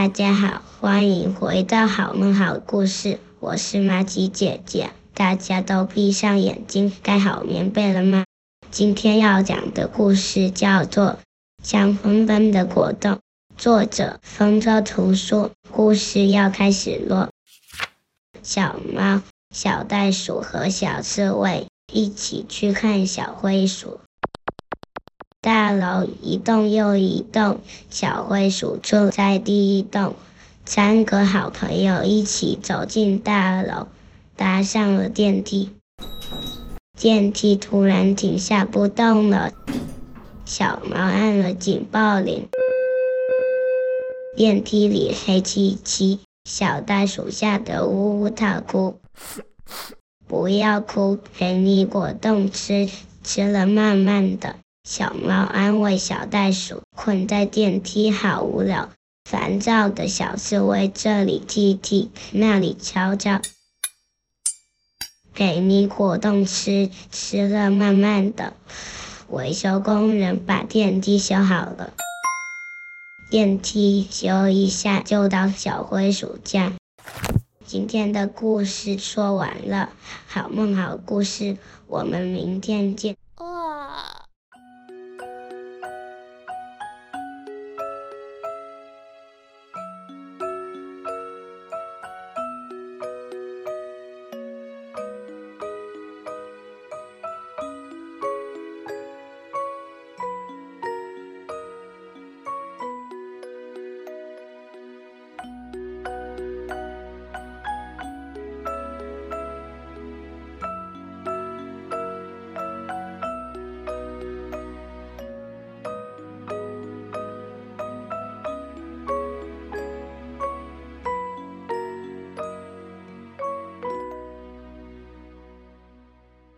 大家好，歡迎回到《好夢好故事》，我是瑪吉姐姐。大家都閉上眼睛，蓋好棉被了嗎？今天要講的故事叫做《香噴噴的果凍》，作者風車圖書。故事要開始咯，小貓、小袋鼠和小刺蝟一起去看小灰鼠。大樓一棟又一棟，小灰鼠住在第一棟。三個好朋友一起走進大樓，搭上了電梯。電梯突然停下不動了，小貓按了警報鈴。電梯裡黑漆漆，小袋鼠嚇得嗚嗚大哭。不要哭，給你果凍吃，吃了慢慢的。小貓安慰小袋鼠：“困在電梯好無聊，煩躁的小刺蝟這裡踢踢，那裡敲敲，給你果凍吃，吃了慢慢的。”維修工人把電梯修好了，電梯修一下就到小灰鼠家。今天的故事說完了，好夢好故事，我們明天見。